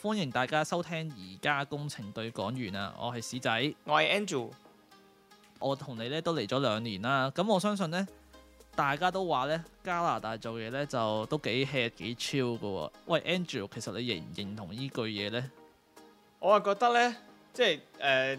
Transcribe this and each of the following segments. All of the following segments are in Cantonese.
歡迎大家收聽而家工程對講完啊，我係史仔，我係 Andrew，我同你咧都嚟咗兩年啦，咁我相信咧，大家都話咧加拿大做嘢咧就都幾 hea 幾 chill 嘅喎。喂，Andrew，其實你認唔認同呢句嘢咧？我啊覺得咧，即係誒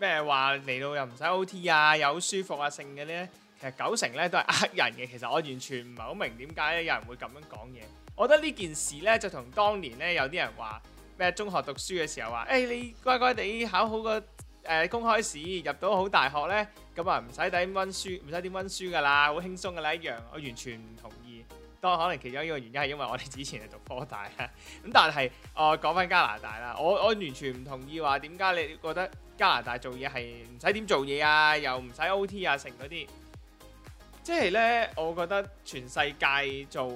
咩話嚟到又唔使 OT 啊，又好舒服啊，性嘅啲咧，其實九成咧都係呃人嘅。其實我完全唔係好明點解咧有人會咁樣講嘢。我覺得呢件事咧就同當年咧有啲人話。咩？中學讀書嘅時候話，誒、欸，你乖乖地考好個誒、呃、公開試，入到好大學呢，咁啊，唔使點温書，唔使點温書噶啦，好輕鬆噶啦一樣。我完全唔同意。當可能其中一個原因係因為我哋之前係讀科大啊，咁 但係我講翻加拿大啦，我我完全唔同意話點解你覺得加拿大做嘢係唔使點做嘢啊，又唔使 OT 啊，成嗰啲，即係呢，我覺得全世界做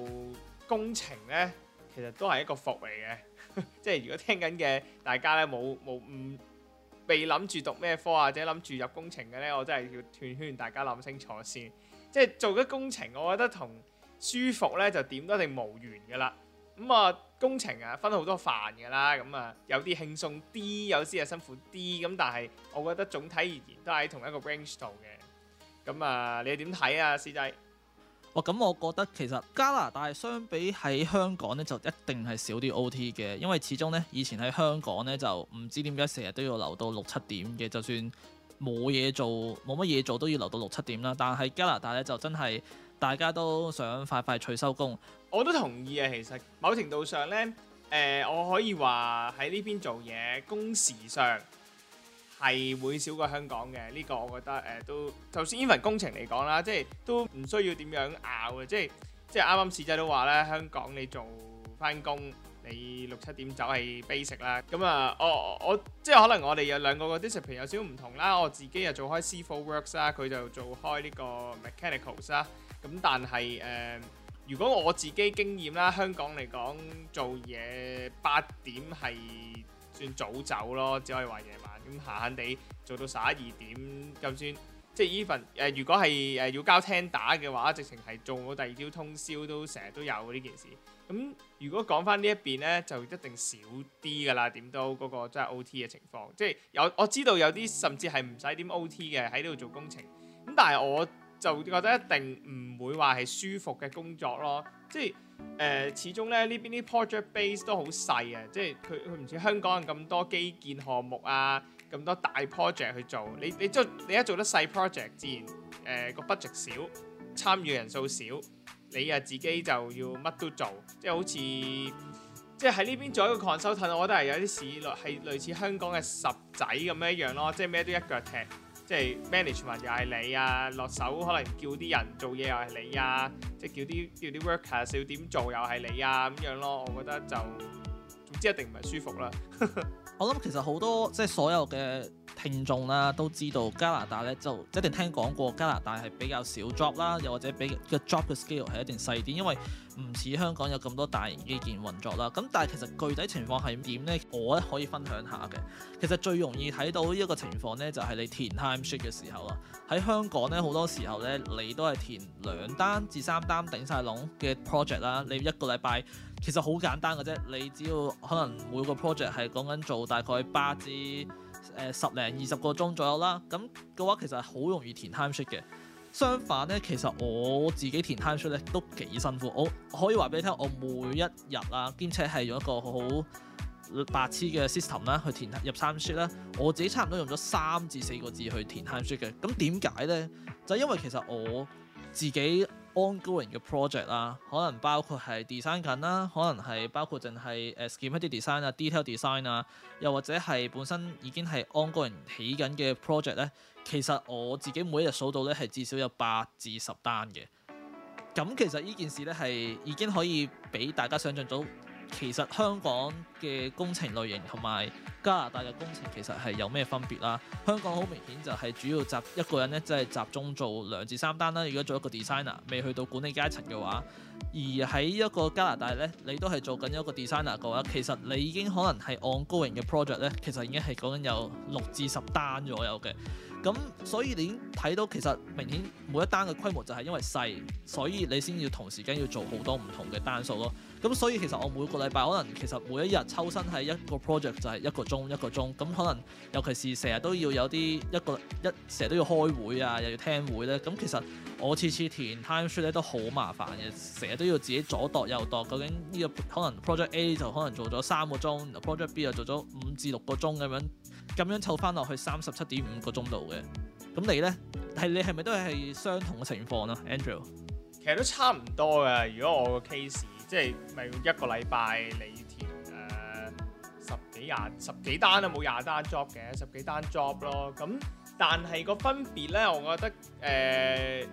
工程呢，其實都係一個福嚟嘅。 即係如果聽緊嘅大家咧，冇冇唔被諗住讀咩科或者諗住入工程嘅咧，我真係要斷圈，圈，大家諗清楚先。即係做咗工程，我覺得同舒服咧就點都一定無緣噶啦。咁、嗯、啊，工程啊分好多範噶啦，咁啊有啲輕鬆啲，有啲啊辛苦啲，咁、嗯、但係我覺得總體而言都喺同一個 range 度嘅。咁、嗯、啊，你點睇啊？史仔？咁、哦、我覺得其實加拿大相比喺香港呢，就一定係少啲 OT 嘅，因為始終呢以前喺香港呢就唔知點解成日都要留到六七點嘅，就算冇嘢做冇乜嘢做都要留到六七點啦。但係加拿大呢就真係大家都想快快脆收工，我都同意啊。其實某程度上呢，誒、呃、我可以話喺呢邊做嘢工時上，係會少過香港嘅。呢、這個我覺得誒、呃、都，就算呢份工程嚟講啦，即係都唔需要點樣拗嘅，即係即係啱啱史仔都話咧，香港你做翻工你六七點走係 basic 啦、啊，咁啊我我即係可能我哋有兩個個 discipline 有少少唔同啦，我自己又做開 civil works 啦，佢就做開呢個 mechanicals 啦、啊，咁但係誒、呃、如果我自己經驗啦，香港嚟講做嘢八點係算早走咯，只可以話夜晚咁閒、嗯、閒地做到十一二點就算，即係 Even 誒，如果係誒、呃、要交聽打嘅話，直情係做到第二朝通宵都成日都有呢件事。咁、嗯、如果講翻呢一邊咧，就一定少啲㗎啦。點都嗰個真係 O T 嘅情況，即係有我知道有啲甚至係唔使點 O T 嘅喺呢度做工程。咁但係我就覺得一定唔會話係舒服嘅工作咯，即係。誒、呃，始終咧呢邊啲 project base 都好細啊，即係佢佢唔似香港咁多基建項目啊，咁多大 project 去做。你你做你一做得細 project，自然誒、呃、個 budget 少，參與人數少，你啊自己就要乜都做，即係好似即係喺呢邊做一個 consultant，我覺得係有啲似類係類似香港嘅十仔咁樣一樣咯，即係咩都一腳踢。即係 management 又係你啊，落手可能叫啲人做嘢又係你啊，即係叫啲叫啲 worker 要點做又係你啊咁樣咯，我覺得就。唔知一定唔係舒服啦 。我諗其實好多即係所有嘅聽眾啦、啊，都知道加拿大咧就一定聽講過加拿大係比較少 job 啦，又或者俾嘅 job 嘅 scale 係一定細啲，因為唔似香港有咁多大型基建運作啦。咁但係其實具體情況係點呢？我咧可以分享下嘅。其實最容易睇到依一個情況呢，就係、是、你填 time sheet 嘅時候咯。喺香港呢，好多時候呢，你都係填兩單至三單頂晒籠嘅 project 啦，你一個禮拜。其實好簡單嘅啫，你只要可能每個 project 係講緊做大概八至誒十零二十個鐘左右啦，咁嘅話其實好容易填 time sheet 嘅。相反呢，其實我自己填 time sheet 咧都幾辛苦，我可以話俾你聽，我每一日啊，兼且係用一個好好白痴嘅 system 啦去填入 time sheet 啦，我自己差唔多用咗三至四個字去填 time sheet 嘅。咁點解呢？就因為其實我自己。ongoing 嘅 project 啦，可能包括係 design 緊啦，可能係包括淨係誒 scheme design 啊，detail design 啊，又或者係本身已經係 ongoing 起緊嘅 project 咧，其實我自己每一日數到咧係至少有八至十單嘅。咁其實呢件事咧係已經可以俾大家想象到。其實香港嘅工程類型同埋加拿大嘅工程其實係有咩分別啦？香港好明顯就係主要集一個人咧，即係集中做兩至三單啦。如果做一個 designer，未去到管理階層嘅話，而喺一個加拿大咧，你都係做緊一個 designer 嘅話，其實你已經可能係 on-going 嘅 project 咧，其實已經係講緊有六至十單左右嘅。咁、嗯、所以你已經睇到其實明顯每一單嘅規模就係因為細，所以你先要同時間要做好多唔同嘅單數咯。咁、嗯、所以其實我每個禮拜可能其實每一日抽身喺一個 project 就係一個鐘一個鐘，咁、嗯、可能尤其是成日都要有啲一個一成日都要開會啊，又要聽會咧。咁、嗯、其實我次次填 time sheet 咧都好麻煩嘅，成日都要自己左度右度，究竟呢、呢個可能 project A 就可能做咗三個鐘，project B 就做咗五至六個鐘咁樣。咁樣湊翻落去三十七點五個鐘度嘅，咁你呢？係你係咪都係相同嘅情況啦？Andrew 其實都差唔多嘅。如果我個 case 即係咪一個禮拜你填誒、呃、十幾廿十,十幾單都冇廿單 job 嘅十幾單 job 咯。咁但係個分別呢，我覺得誒、呃、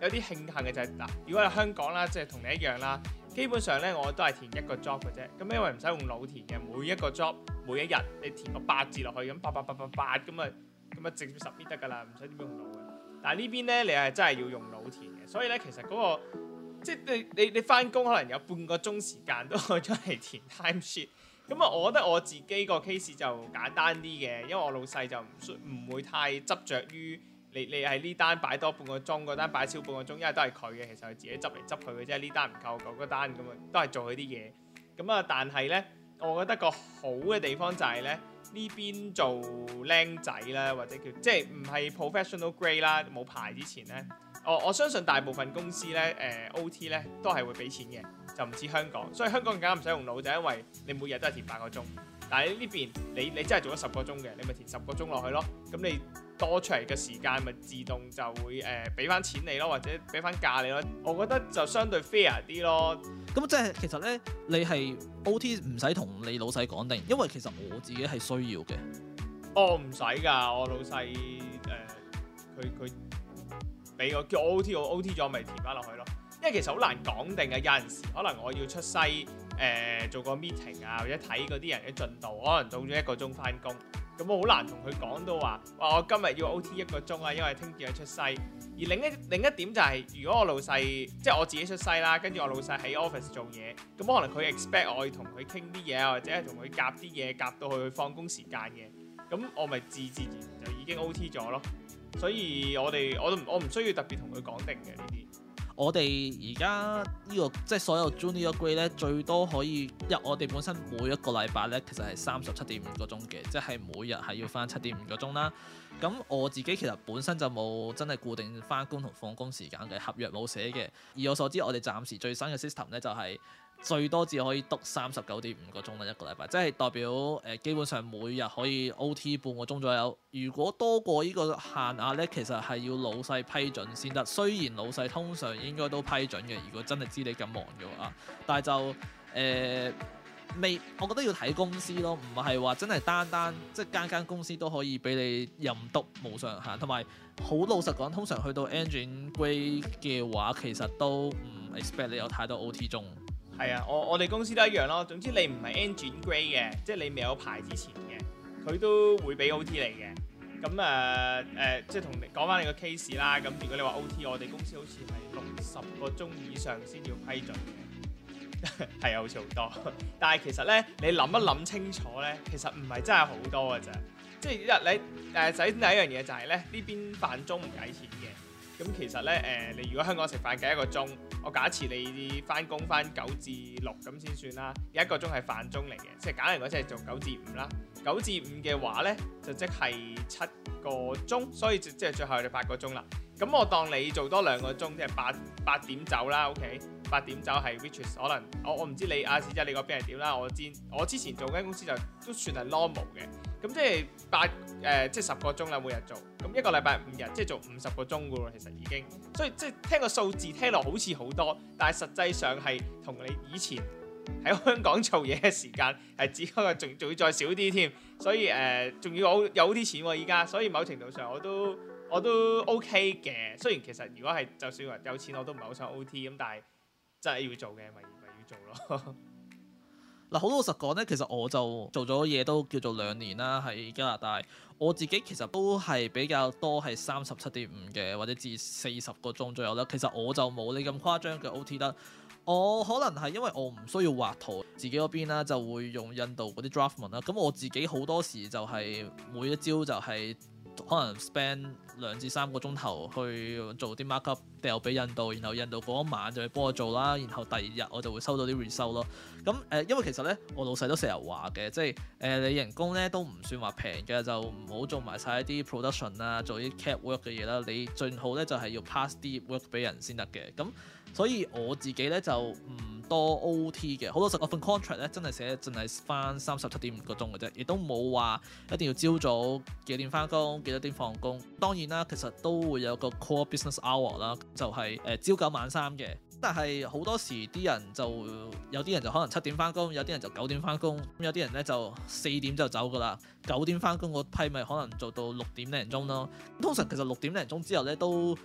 有啲慶幸嘅就係、是、嗱，如果喺香港啦，即係同你一樣啦。基本上咧我都係填一個 job 嘅啫，咁因為唔使用，用腦填嘅。每一個 job 每一日你填個八字落去，咁八八八八八咁啊，咁啊直接十 b 得噶啦，唔使點用腦嘅。但係呢邊咧你係真係要用腦填嘅，所以咧其實嗰、嗰個即係你你你翻工可能有半個鐘時，時間都用咗嚟填 time sheet 咁啊，我覺得我自己個 case 就簡單啲嘅，因為我老細就唔唔會太執着於。你你係呢單擺多半個鐘，嗰單擺少半個鐘，因為都係佢嘅。其實佢自己執嚟執去嘅啫。呢單唔夠，嗰嗰單咁啊，都係做佢啲嘢咁啊。但係咧，我覺得個好嘅地方就係咧，呢邊做靚仔啦，或者叫即係唔係 professional grade 啦，冇牌之前咧，我我相信大部分公司咧誒、呃、O T 咧都係會俾錢嘅，就唔似香港。所以香港更加唔使用腦，就係因為你每日都係填八個鐘，但係呢邊你你真係做咗十個鐘嘅，你咪填十個鐘落去咯。咁你。多出嚟嘅時間咪自動就會誒俾翻錢俾你咯，或者俾翻價俾你咯。我覺得就相對 fair 啲咯。咁即係其實咧，你係 OT 唔使同你老細講定，因為其實我自己係需要嘅。我唔使㗎，我老細誒佢佢俾我叫 OT，我 OT 咗咪填翻落去咯。因為其實好難講定嘅，有陣時可能我要出西誒、呃、做個 meeting 啊，或者睇嗰啲人嘅進度，可能早咗一個鐘翻工。咁我好難同佢講到話，話我今日要 O T 一個鐘啊，因為聽日佢出 site。而另一另一點就係，如果我老細即係我自己出 site 啦，跟住我老細喺 office 做嘢，咁可能佢 expect 我要同佢傾啲嘢，或者同佢夾啲嘢夾到佢放工時間嘅，咁我咪自自然就已經 O T 咗咯。所以我哋我都我唔需要特別同佢講定嘅呢啲。我哋而家呢個即係所有 junior grade 咧，最多可以因為我哋本身每一個禮拜咧，其實係三十七點五個鐘嘅，即係每日係要返七點五個鐘啦。咁我自己其實本身就冇真係固定返工同放工時間嘅，合約冇寫嘅。而我所知，我哋暫時最新嘅 system 咧就係、是。最多只可以督三十九點五個鐘啦，一個禮拜，即係代表誒、呃、基本上每日可以 O T 半個鐘左右。如果多過呢個限額呢，其實係要老細批准先得。雖然老細通常應該都批准嘅，如果真係知你咁忙嘅話，但係就誒、呃、未，我覺得要睇公司咯，唔係話真係單單即係間間公司都可以俾你任督無上限。同埋好老實講，通常去到 engineer grade 嘅話，其實都唔 expect 你有太多 O T 鐘。係啊，我我哋公司都一樣咯。總之你唔係 end 轉 grade 嘅，即係你未有牌之前嘅，佢都會俾 OT 你嘅。咁誒誒，即係同你講翻你個 case 啦。咁如果你話 OT，我哋公司好似係六十個鐘以上先要批准嘅。係啊，好似好多，但係其實咧，你諗一諗清楚咧，其實唔係真係好多嘅咋，即係一你誒首先第一樣嘢就係、是、咧，呢邊飯鐘唔計錢嘅。咁其實咧誒、呃，你如果香港食飯計一個鐘。我假設你返工返九至六咁先算啦，一個鐘係飯鐘嚟嘅，即係假如我即係做九至五啦，九至五嘅話咧就即係七個鐘，所以即係最後就八個鐘啦。咁我當你做多兩個鐘，即係八八點走啦，OK？八點走係 which is 可能我我唔知你阿、啊、史仔你個邊係點啦。我知我之前做間公司就都算係 normal 嘅咁，即係八誒即係十個鐘啦，每日做咁一個禮拜五日，即係做五十個鐘嘅喎。其實已經所以即係聽個數字聽落好似好多，但係實際上係同你以前喺香港做嘢嘅時間係只不過仲仲要再少啲添，所以誒仲、呃、要有有啲錢喎、啊。依家所以某程度上我都我都 OK 嘅。雖然其實如果係就算話有錢我都唔係好想 O T 咁，但係。真係要做嘅，咪咪要做咯。嗱， 好老實講呢，其實我就做咗嘢都叫做兩年啦，喺加拿大。我自己其實都係比較多係三十七點五嘅，或者至四十個鐘左右啦。其實我就冇你咁誇張嘅 OT 啦。我可能係因為我唔需要畫圖，自己嗰邊啦就會用印度嗰啲 draftman 啦。咁我自己好多時就係每一朝就係可能 spend。兩至三個鐘頭去做啲 markup、er、掉俾印度，然後印度嗰晚就去幫我做啦，然後第二日我就會收到啲 result 咯。咁、嗯、誒，因為其實咧，我老細都成日話嘅，即係誒、呃、你人工咧都唔算話平嘅，就唔好做埋晒一啲 production 啊，做啲 cap work 嘅嘢啦。你最好咧就係、是、要 pass 啲 work 俾人先得嘅。咁、嗯、所以我自己咧就唔。多 OT 嘅，好多時我份 contract 咧真係寫淨係翻三十七點五個鐘嘅啫，亦都冇話一定要朝早幾點翻工幾多點放工。當然啦，其實都會有個 core business hour 啦，就係誒朝九晚三嘅。但係好多時啲人就，有啲人就可能七點翻工，有啲人就九點翻工，有啲人咧就四點就走噶啦。九點翻工嗰批咪可能做到六點零鐘咯。通常其實六點零鐘之後咧都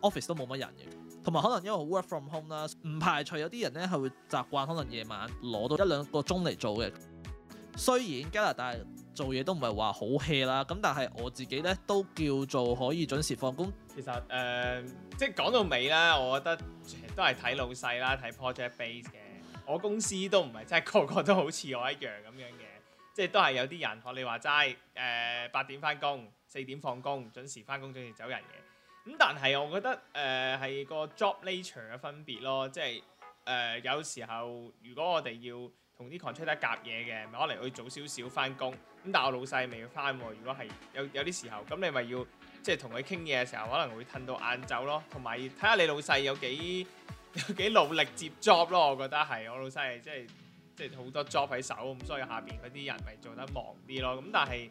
office 都冇乜人嘅。同埋可能因為好 work from home 啦，唔排除有啲人咧係會習慣可能夜晚攞到一兩個鐘嚟做嘅。雖然加拿大做嘢都唔係話好 hea 啦，咁但係我自己咧都叫做可以準時放工。其實誒、呃，即係講到尾咧，我覺得都係睇老細啦，睇 project base 嘅。我公司都唔係真係個個都好似我一樣咁樣嘅，即係都係有啲人學你話齋誒八點返工，四點放工，準時返工，準時走人嘅。咁但係我覺得誒係、呃、個 job nature 嘅分別咯，即係誒、呃、有時候如果我哋要同啲 contractor 夾嘢嘅，咪可、就是、可能會早少少翻工，咁但係我老細未要翻喎。如果係有有啲時候，咁你咪要即係同佢傾嘢嘅時候可能會褪到晏晝咯，同埋睇下你老細有幾有幾努力接 job 咯。我覺得係我老細係即係即係好多 job 喺手，咁所以下邊嗰啲人咪做得忙啲咯。咁但係。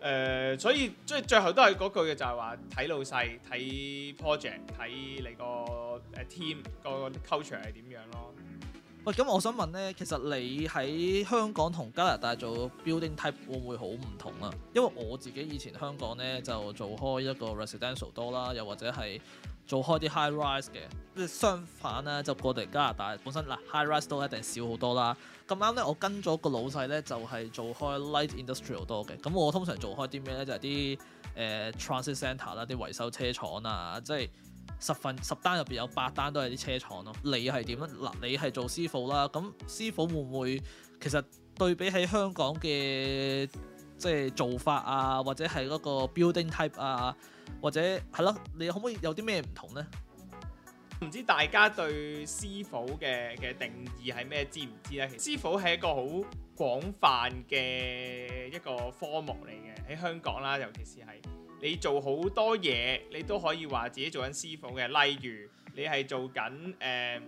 誒、呃，所以即係最後都係嗰句嘅，就係話睇老細、睇 project、睇你個誒 team 個 culture 係點樣咯。喂，咁、嗯、我想問咧，其實你喺香港同加拿大做 building type 會唔會好唔同啊？因為我自己以前香港咧就做開一個 residential 多啦，又或者係。做開啲 high rise 嘅，即係相反咧就過嚟加拿大本身嗱 high rise 都一定少好多啦。咁啱咧，我跟咗個老細咧就係、是、做開 light industrial 多嘅。咁我通常做開啲咩咧就係啲誒 transit centre 啦，啲、呃、維修車廠啊，即係十份十單入邊有八單都係啲車廠咯、啊。你係點樣？嗱、啊，你係做師傅啦，咁師傅會唔會其實對比起香港嘅即係做法啊，或者係嗰個 building type 啊？或者係囉，你可唔可以有啲咩唔同呢？唔知大家對師傅嘅嘅定義係咩？知唔知咧？其實師傅係一個好廣泛嘅一個科目嚟嘅。喺香港啦，尤其是係你做好多嘢，你都可以話自己做緊師傅嘅。例如你係做緊誒、呃、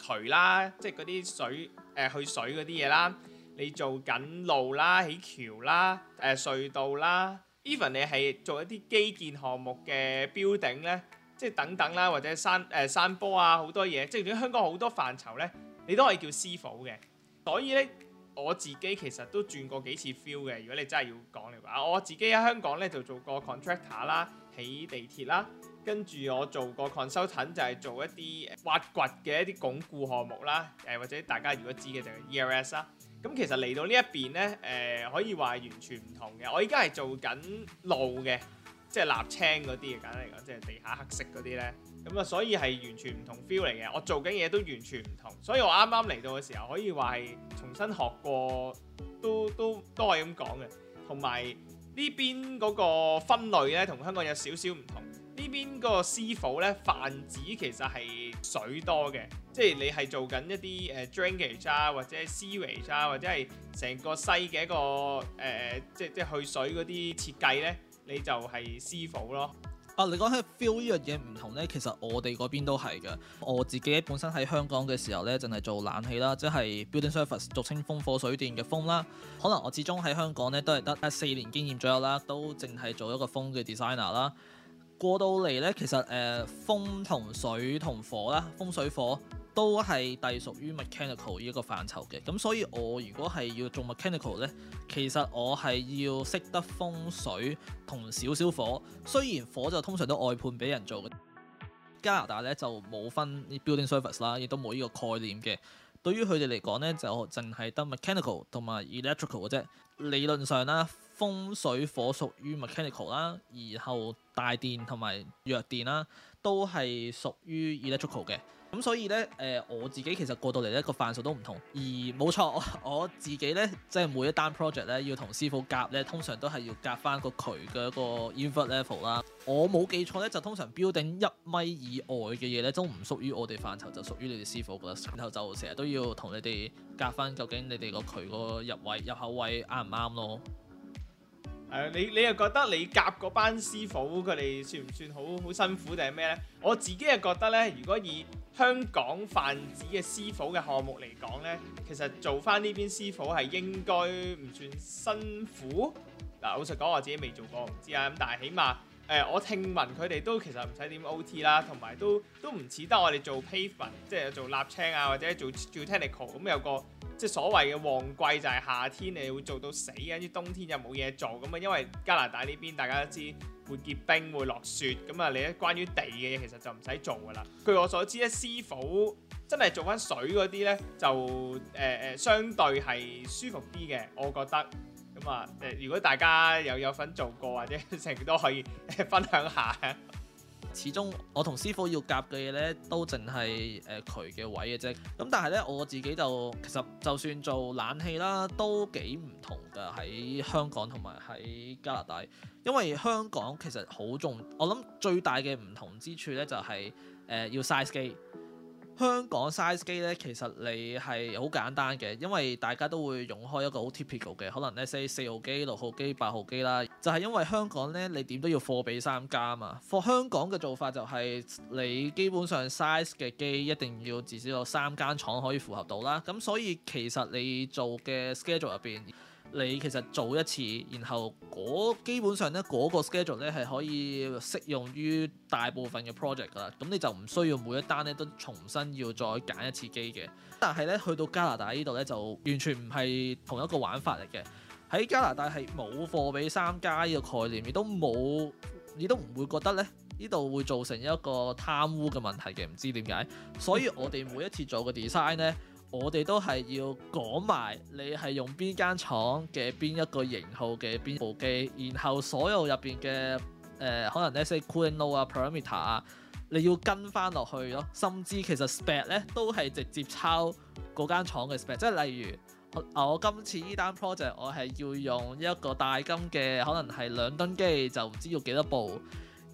渠啦，即係嗰啲水誒、呃、去水嗰啲嘢啦。你做緊路啦、起橋啦、誒、呃、隧道啦。even 你係做一啲基建項目嘅標頂咧，即係等等啦，或者山誒、呃、山坡啊，好多嘢，即係香港好多範疇咧，你都可以叫師傅嘅。所以咧，我自己其實都轉過幾次 feel 嘅。如果你真係要講嘅話，我自己喺香港咧就做過 contractor 啦，起地鐵啦，跟住我做過 consultant 就係做一啲挖掘嘅一啲鞏固項目啦，誒或者大家如果知嘅就係 ELS 啦。咁其實嚟到呢一邊呢，誒、呃、可以話係完全唔同嘅。我依家係做緊路嘅，即係瀝青嗰啲嘅，簡單嚟講，即係地下黑色嗰啲呢。咁啊，所以係完全唔同 feel 嚟嘅。我做緊嘢都完全唔同，所以我啱啱嚟到嘅時候，可以話係重新學過，都都都係咁講嘅。同埋呢邊嗰個分類呢，同香港有少少唔同。呢邊個師傅呢，泛指其實係水多嘅，即係你係做緊一啲誒 drainage 啊，或者 sewerage 啊，或者係成個西嘅一個誒、呃，即係去水嗰啲設計呢，你就係師傅咯。啊，你講起 feel 呢樣嘢唔同呢，其實我哋嗰邊都係嘅。我自己本身喺香港嘅時候呢，淨係做冷氣啦，即係 building services 俗稱風火水電嘅風啦。可能我始終喺香港呢，都係得四年經驗左右啦，都淨係做一個風嘅 designer 啦。過到嚟呢，其實誒、呃、風同水同火啦，風水火都係隸屬於 mechanical 呢一個範疇嘅。咁所以我如果係要做 mechanical 呢，其實我係要識得風水同少少火。雖然火就通常都外判俾人做嘅。加拿大呢就冇分 building service 啦，亦都冇呢個概念嘅。對於佢哋嚟講呢，就淨係得 mechanical 同埋 electrical 嘅啫。理論上啦。風水火屬於 mechanical 啦，然後大電同埋弱電啦，都係屬於 electrical 嘅。咁所以呢，誒、呃、我自己其實過到嚟呢個範疇都唔同。而冇錯，我自己呢，即係每一單 project 呢，要同師傅夾呢，通常都係要夾翻個渠嘅一個 invert level 啦。我冇記錯呢，就通常標定一米以外嘅嘢呢，都唔屬於我哋範疇，就屬於你哋師傅嘅。然後就成日都要同你哋夾翻究竟你哋個渠個入位入口位啱唔啱咯。誒、啊，你你又覺得你夾嗰班師傅佢哋算唔算好好辛苦定係咩呢？我自己又覺得呢，如果以香港泛指嘅師傅嘅項目嚟講呢，其實做返呢邊師傅係應該唔算辛苦。嗱、啊，老實講，我自己未做過，唔知啊。咁但係起碼。誒、呃，我聽聞佢哋都其實唔使點 OT 啦，同埋都都唔似得我哋做 Pavement，即係做瀝青啊，或者做做 technical 咁、嗯、有個即係所謂嘅旺季就係、是、夏天，你會做到死，跟住冬天又冇嘢做咁啊、嗯。因為加拿大呢邊大家都知會結冰、會落雪，咁啊你咧關於地嘅嘢其實就唔使做㗎喇。據我所知咧，師傅真係做翻水嗰啲咧就誒誒、呃呃，相對係舒服啲嘅，我覺得。咁啊誒，如果大家有有份做過或者成日都可以分享下。始終我同師傅要夾嘅嘢咧，都淨係誒渠嘅位嘅啫。咁但係咧，我自己就其實就算做冷氣啦，都幾唔同㗎。喺香港同埋喺加拿大，因為香港其實好重。我諗最大嘅唔同之處咧，就係誒要 size 機。香港 size 機咧，其實你係好簡單嘅，因為大家都會用開一個好 typical 嘅，可能 s 四號機、六號機、八號機啦。就係、是、因為香港咧，你點都要貨比三家嘛。貨香港嘅做法就係、是、你基本上 size 嘅機一定要至少有三間廠可以符合到啦。咁所以其實你做嘅 schedule 入邊。你其實做一次，然後基本上咧嗰個 schedule 咧係可以適用於大部分嘅 project 噶啦，咁你就唔需要每一單咧都重新要再揀一次機嘅。但係咧去到加拿大呢度咧就完全唔係同一個玩法嚟嘅。喺加拿大係冇貨比三家呢個概念，亦都冇，你都唔會覺得咧呢度會造成一個貪污嘅問題嘅。唔知點解。所以我哋每一次做嘅 design 咧。我哋都係要講埋你係用邊間廠嘅邊一個型號嘅邊部機，然後所有入邊嘅誒可能 let's say cooling load 啊、parameter 啊，你要跟翻落去咯。甚至其實 spec 咧都係直接抄嗰間廠嘅 spec，即係例如我今次呢單 project 我係要用一個大金嘅，可能係兩噸機，就唔知要幾多部，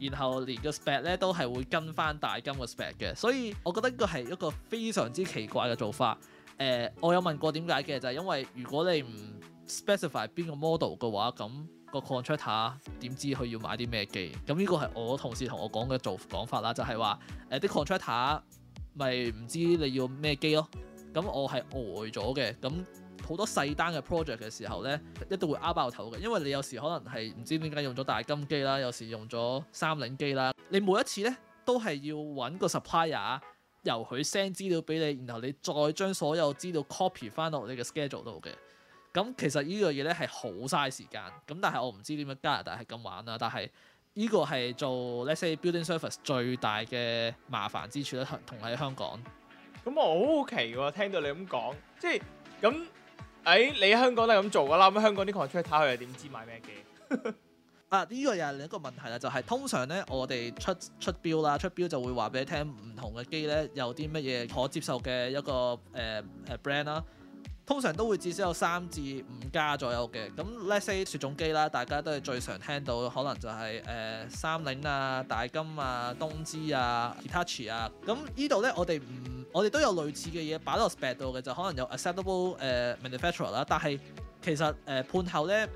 然後連個 spec 咧都係會跟翻大金個 spec 嘅。所以我覺得呢個係一個非常之奇怪嘅做法。誒、呃，我有問過點解嘅，就係、是、因為如果你唔 specify 邊個 model 嘅話，咁、那個 contractor 點、呃、知佢要買啲咩機？咁呢個係我同事同我講嘅做講法啦，就係話誒啲 contractor 咪唔知你要咩機咯。咁我係呆咗嘅，咁好多細單嘅 project 嘅時候呢，一度會啱爆頭嘅，因為你有時可能係唔知點解用咗大金機啦，有時用咗三菱機啦，你每一次呢，都係要揾個 supplier、呃。由佢 send 資料俾你，然後你再將所有資料 copy 翻到你嘅 schedule 度嘅。咁其實呢樣嘢咧係好嘥時間。咁但係我唔知點解加拿大係咁玩啦。但係呢個係做 let's say building service 最大嘅麻煩之處啦，同喺香港。咁我好好奇喎，啊，聽到你咁講，即係咁喺你香港都係咁做㗎啦。咁香港啲 contractor 又點知買咩機？ 啊！呢、這個又係另一個問題啦，就係、是、通常呢，我哋出出標啦，出標就會話俾你聽，唔同嘅機呢，有啲乜嘢可接受嘅一個誒誒 brand 啦。通常都會至少有三至五家左右嘅。咁 let's say 雪種機啦，大家都係最常聽到，可能就係、是、誒、呃、三菱啊、大金啊、東芝啊、Hitachi 啊。咁呢度呢，我哋唔，我哋都有類似嘅嘢擺喺 spec 度嘅，就可能有 acceptable 誒 manufacturer 啦。但係其實誒、呃、判後呢，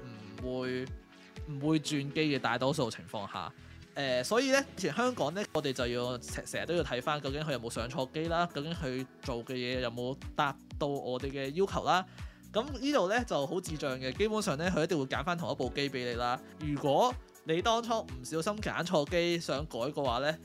唔會。唔會轉機嘅大多數情況下，誒、呃，所以咧，以前香港咧，我哋就要成成日都要睇翻，究竟佢有冇上錯機啦，究竟佢做嘅嘢有冇達到我哋嘅要求啦。咁呢度咧就好智障嘅，基本上咧，佢一定會揀翻同一部機俾你啦。如果你當初唔小心揀錯機想改嘅話咧，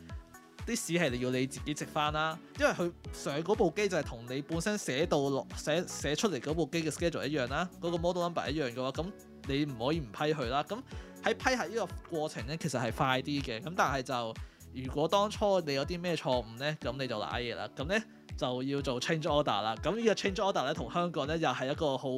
啲屎係你要你自己食翻啦，因為佢上嗰部機就係同你本身寫到落寫寫出嚟嗰部機嘅 schedule 一樣啦，嗰、那個 model number 一樣嘅話咁。你唔可以唔批佢啦，咁喺批核呢個過程咧，其實係快啲嘅，咁但係就如果當初你有啲咩錯誤咧，咁你就揦嘢啦，咁咧就要做 change order 啦，咁呢個 change order 咧同香港咧又係一個好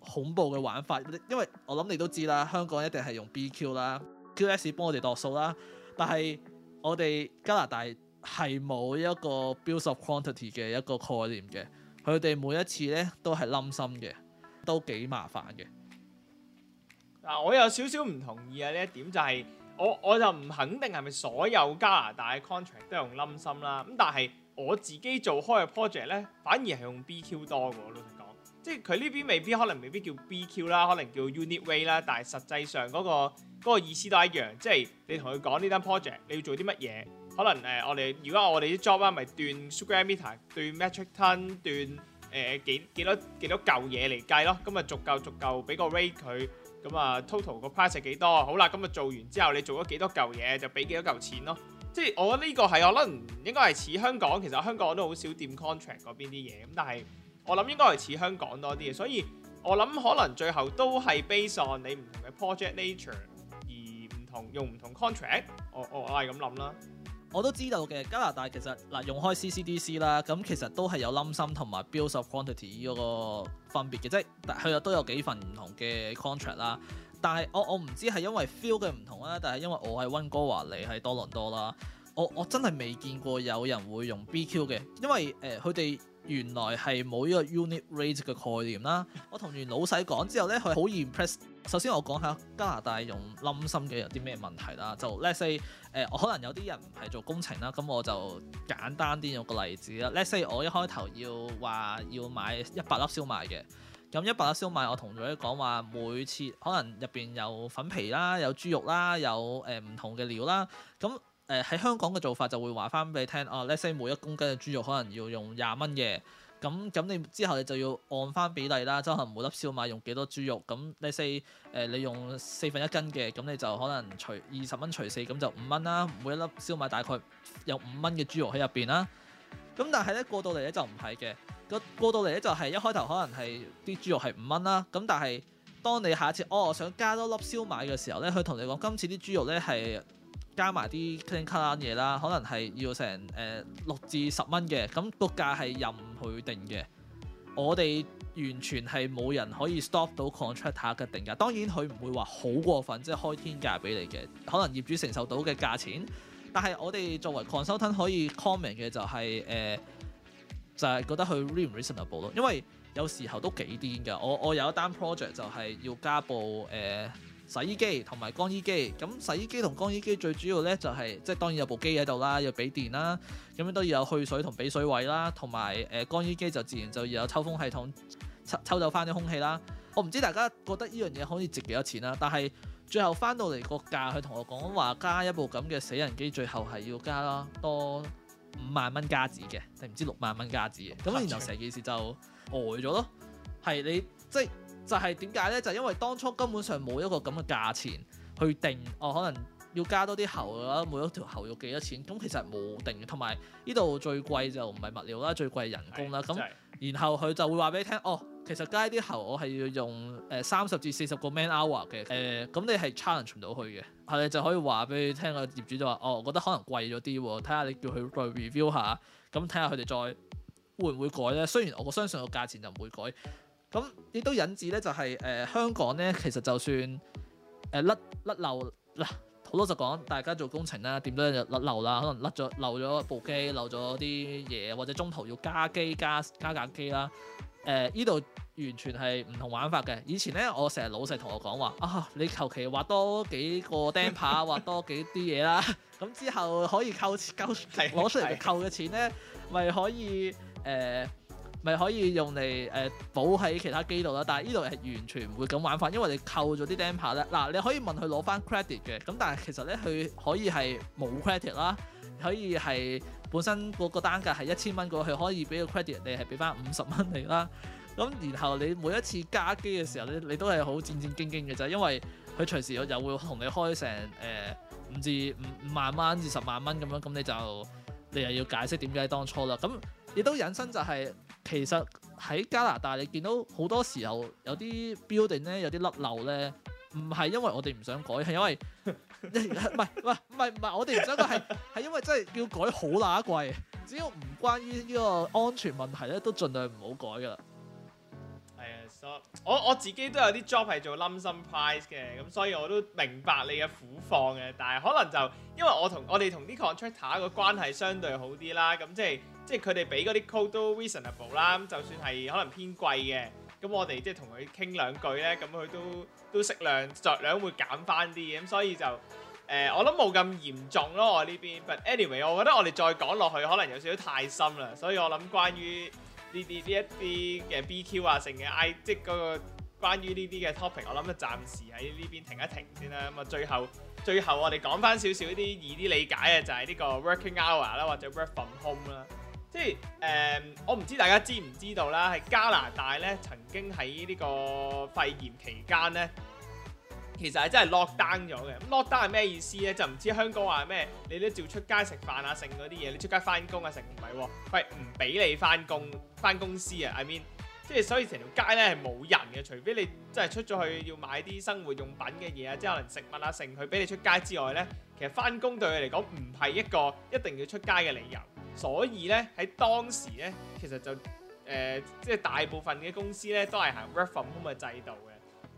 恐怖嘅玩法，因為我諗你都知啦，香港一定係用 BQ 啦，QS 幫我哋度數啦，但係我哋加拿大係冇一個 bills of quantity 嘅一個概念嘅，佢哋每一次咧都係冧心嘅，都幾麻煩嘅。嗱，我有少少唔同意啊！呢一點就係、係、我我就唔肯定係咪所有加拿大嘅 contract 都用冧心啦。咁但係我自己做開嘅 project 咧，反而係用 BQ 多嘅。老實講，即係佢呢邊未必可能未必叫 BQ 啦，可能叫 unit rate 啦。但係實際上嗰、那個那個意思都係一樣，即係你同佢講呢單 project 你要做啲乜嘢，可能誒、呃、我哋如果我哋啲 job 咧咪斷 square meter、斷 metric ton、斷誒幾幾多幾多嚿嘢嚟計咯，咁咪足夠足夠俾個 rate 佢。咁啊，total 個 price 係幾多？好啦，咁啊做完之後，你做咗幾多嚿嘢就俾幾多嚿錢咯。即係我覺得呢個係我覺得應該係似香港，其實香港都好少掂 contract 嗰邊啲嘢。咁但係我諗應該係似香港多啲嘅，所以我諗可能最後都係 base on 你唔同嘅 project nature 而唔同用唔同 contract。我我我係咁諗啦。我都知道嘅加拿大其實嗱、啊、用開 CCDC 啦、啊，咁其實都係有冧心同埋 bills of quantity 嗰個分別嘅，即係佢又都有幾份唔同嘅 contract 啦。但係我我唔知係因為 feel 嘅唔同啦，但係因為我係溫哥華，你係多倫多啦，我我真係未見過有人會用 BQ 嘅，因為誒佢哋原來係冇呢個 unit rate 嘅概念啦。我同完老細講之後呢，佢好 impressed。首先我講下加拿大用冧心嘅有啲咩問題啦，就 Let's say 誒我可能有啲人唔係做工程啦，咁我就簡單啲用個例子啦。Let's say 我一開頭要話要買一百粒燒賣嘅，咁一百粒燒賣我同佢講話每次可能入邊有粉皮啦，有豬肉啦，有誒唔同嘅料啦，咁誒喺香港嘅做法就會話翻俾你聽，哦 Let's say 每一公斤嘅豬肉可能要用廿蚊嘅。咁咁你之後你就要按翻比例啦，即係每粒燒賣用幾多豬肉？咁你四誒你用四分一斤嘅，咁你就可能除二十蚊除四，咁就五蚊啦。每一粒燒賣大概有五蚊嘅豬肉喺入邊啦。咁但係咧過到嚟咧就唔係嘅，個過到嚟咧就係一開頭可能係啲豬肉係五蚊啦。咁但係當你下一次哦想加多粒燒賣嘅時候咧，佢同你講今次啲豬肉咧係加埋啲 clean cut 嘢啦，可能係要成誒六至十蚊嘅。咁個價係任，佢定嘅，我哋完全係冇人可以 stop 到 contract 下嘅定價。當然佢唔會話好過分，即係開天價俾你嘅。可能業主承受到嘅價錢，但係我哋作為 consultant 可以 comment 嘅就係、是、誒、呃、就係、是、覺得佢 reasonable 咯。因為有時候都幾癲嘅。我我有一單 project 就係要加部誒。呃洗衣機同埋乾衣機，咁洗衣機同乾衣機最主要呢，就係、是，即係當然有部機喺度啦，有俾電啦，咁樣都要有去水同俾水位啦，同埋誒乾衣機就自然就要有抽風系統抽走翻啲空氣啦。我唔知大家覺得呢樣嘢可以值幾多錢啦，但係最後翻到嚟個價，佢同我講話加一部咁嘅死人機，最後係要加多五萬蚊加紙嘅，定唔知六萬蚊加紙嘅，咁然後成件事就呆咗咯。係你即就係點解呢？就係、因為當初根本上冇一個咁嘅價錢去定，哦，可能要加多啲喉啦，每一條喉要幾多錢？咁其實冇定嘅。同埋呢度最貴就唔係物料啦，最貴係人工啦。咁然後佢就會話俾你聽，哦，其實加啲喉，我係要用誒三十至四十個 man hour 嘅，誒、呃、咁你係 charge 唔到去嘅，係你就可以話俾佢聽個業主就話，哦，我覺得可能貴咗啲喎，睇下你叫佢再 review 下，咁睇下佢哋再會唔會改呢？雖然我相信個價錢就唔會改。咁亦都引致咧、就是，就係誒香港咧，其實就算誒、呃、甩甩漏嗱，好多就講大家做工程啦，點樣就甩漏啦，可能甩咗漏咗部機，漏咗啲嘢，或者中途要加機加加架機啦。誒呢度完全係唔同玩法嘅。以前咧，我成日老細同我講話啊，你求其畫多幾個釘牌， 畫多幾啲嘢啦，咁之後可以扣扣攞出嚟扣嘅錢咧，咪 可以誒。呃咪可以用嚟誒補喺其他機度啦，但係呢度係完全唔會咁玩法，因為你扣咗啲 damage 咧。嗱，你可以問佢攞翻 credit 嘅，咁但係其實咧佢可以係冇 credit 啦，可以係本身個個單價係一千蚊嗰，佢可以俾個 credit 你係俾翻五十蚊你啦。咁然後你每一次加機嘅時候咧，你都係好戰戰兢兢嘅啫，因為佢隨時又會同你開成誒五、呃、至五五萬蚊、二十萬蚊咁樣，咁你就你又要解釋點解當初啦。咁亦都引申就係、是。其實喺加拿大，你見到好多時候有啲 building 咧，有啲甩漏咧，唔係因為我哋唔想改，係因為唔係，唔 係，唔係，我哋唔想改係係 因為真係要改好乸貴，只要唔關於呢個安全問題咧，都盡量唔好改㗎喇。係啊，我我自己都有啲 job 係做 lumsum price 嘅，咁、um、所以我都明白你嘅苦況嘅，但係可能就因為我同我哋同啲 contractor 個關係相對好啲啦，咁即係。即係佢哋俾嗰啲 code 都 reasonable 啦。咁就算係可能偏貴嘅，咁我哋即係同佢傾兩句咧，咁佢都都適量、酌量會減翻啲。咁所以就誒、呃，我諗冇咁嚴重咯。我呢邊，but anyway，我覺得我哋再講落去可能有少少太深啦。所以我諗關於呢啲呢一啲嘅 BQ 啊，成嘅 I 即係嗰個關於呢啲嘅 topic，我諗就暫時喺呢邊停一停先啦。咁啊，最後最後我哋講翻少少啲易啲理解嘅就係呢個 working hour 啦，或者 work from home 啦。即係誒、嗯，我唔知大家知唔知道啦，喺加拿大咧，曾經喺呢個肺炎期間咧，其實係真係 lockdown 咗嘅。咁 lockdown 係咩意思咧？就唔知香港話咩，你都照出街食飯啊，剩嗰啲嘢，你出街翻工啊，剩唔係喎，係唔俾你翻工翻公司啊。I mean，即係所以成條街咧係冇人嘅，除非你真係出咗去要買啲生活用品嘅嘢啊，即係可能食物啊，剩佢俾你出街之外咧，其實翻工對佢嚟講唔係一個一定要出街嘅理由。所以咧喺當時咧，其實就誒即係大部分嘅公司咧都係行 work from home 嘅制度嘅。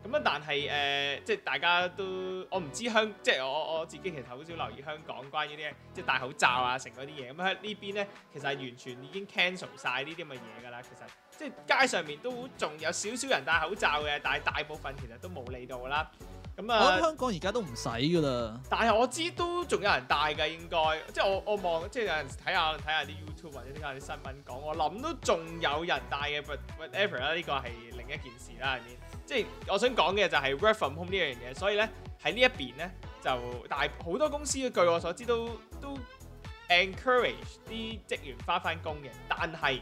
咁啊，但係誒、呃、即係大家都我唔知香即係我我自己其實好少留意香港關於啲即係戴口罩啊成嗰啲嘢，咁喺呢邊咧，其實係完全已經 cancel 晒呢啲咁嘅嘢㗎啦。其實即係街上面都仲有少少人戴口罩嘅，但係大部分其實都冇理到啦。嗯、我諗香港而家都唔使噶啦，但係我知都仲有人帶㗎，應該即係我我望即係有陣時睇下睇下啲 YouTube 或者睇下啲新聞講，我諗都仲有人帶嘅，whatever 啦，呢個係另一件事啦，係咪即係我想講嘅就係 work from home 呢樣嘢，所以咧喺呢一邊咧就，但係好多公司嘅據我所知都都 encourage 啲職員翻返工嘅，但係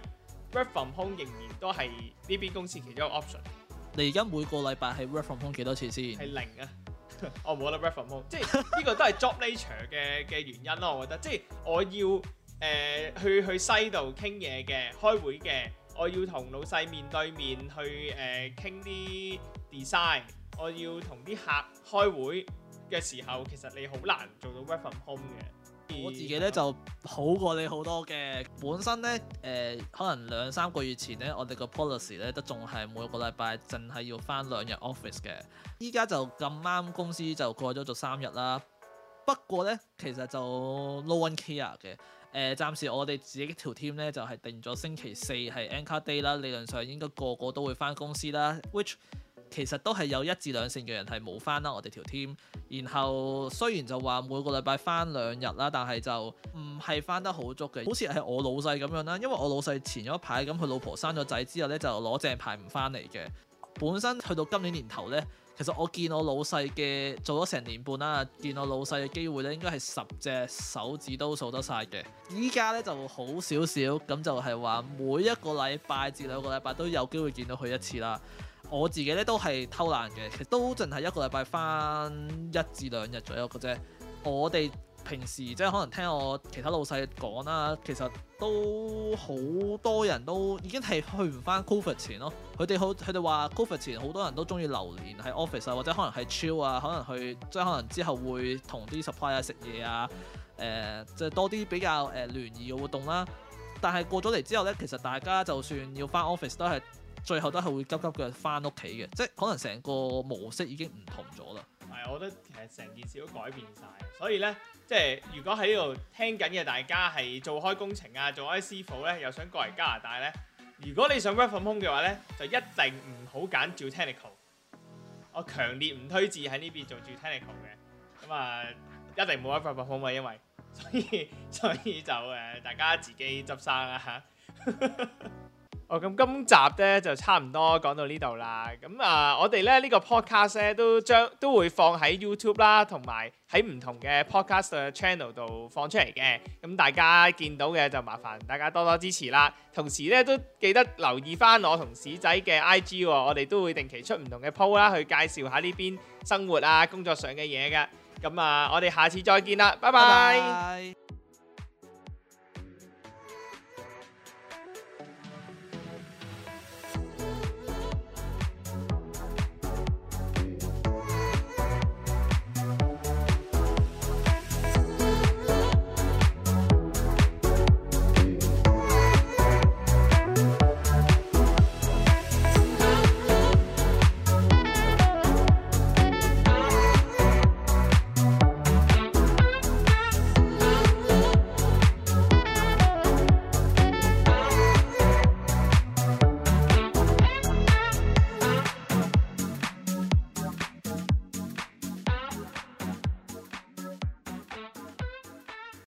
work from home 仍然都係呢邊公司其中一個 option。你而家每個禮拜係 reform home 幾多次先？係零啊！ 我冇得 reform home，即係呢 個都係 job nature 嘅嘅原因咯。我覺得，即係我要誒去去西度傾嘢嘅開會嘅，我要同、呃、老細面對面去誒傾啲 design，我要同啲客開會嘅時候，其實你好難做到 reform home 嘅。我自己咧就好過你好多嘅。本身咧，誒、呃、可能兩三個月前咧，我哋個 policy 咧都仲係每個禮拜淨係要返兩日 office 嘅。依家就咁啱公司就改咗做三日啦。不過咧，其實就 no one care 嘅。誒、呃，暫時我哋自己條 team 咧就係、是、定咗星期四係 endcard day 啦。理論上應該個個都會返公司啦，which 其實都係有一至兩成嘅人係冇返啦，我哋條 team。然後雖然就話每個禮拜返兩日啦，但係就唔係返得好足嘅。好似係我老細咁樣啦，因為我老細前嗰排咁佢老婆生咗仔之後呢，就攞正牌唔返嚟嘅。本身去到今年年頭呢，其實我見我老細嘅做咗成年半啦，見我老細嘅機會呢應該係十隻手指都數得晒嘅。依家呢就好少少，咁就係話每一個禮拜至兩個禮拜都有機會見到佢一次啦。我自己咧都係偷懶嘅，其實都淨係一個禮拜翻一至兩日左右嘅啫。我哋平時即係可能聽我其他老細講啦，其實都好多人都已經係去唔翻 COVID 前咯。佢哋好，佢哋話 COVID 前好多人都中意流連喺 office 啊，或者可能係 chill 啊，可能去即係可能之後會同啲 supplier 食嘢啊，誒即係多啲比較誒聯誼嘅活動啦。但係過咗嚟之後呢，其實大家就算要翻 office 都係。最後都係會急急腳翻屋企嘅，即係可能成個模式已經唔同咗啦。係，我覺得其實成件事都改變晒。所以咧，即係如果喺呢度聽緊嘅大家係做開工程啊，做開師傅咧，又想過嚟加拿大咧，如果你想 work from home 嘅話咧，就一定唔好揀 technical。我強烈唔推薦喺呢邊做 technical 嘅，咁啊，一定冇 work from home 啊，因為所以所以就誒、呃，大家自己執生啦嚇。呵呵。哦，咁今集呢，就差唔多講到呢度啦。咁啊、呃，我哋呢，呢、呢個 podcast 呢，都將都會放喺 YouTube 啦，同埋喺唔同嘅 podcast channel 度放出嚟嘅。咁大家見到嘅就麻煩大家多多支持啦。同時呢，都記得留意翻我同史仔嘅 IG，哦、我哋都會定期出唔同嘅 po 啦，去介紹下呢邊生活啊工作上嘅嘢㗎。咁啊、呃，我哋下次再見啦，拜拜。Bye bye.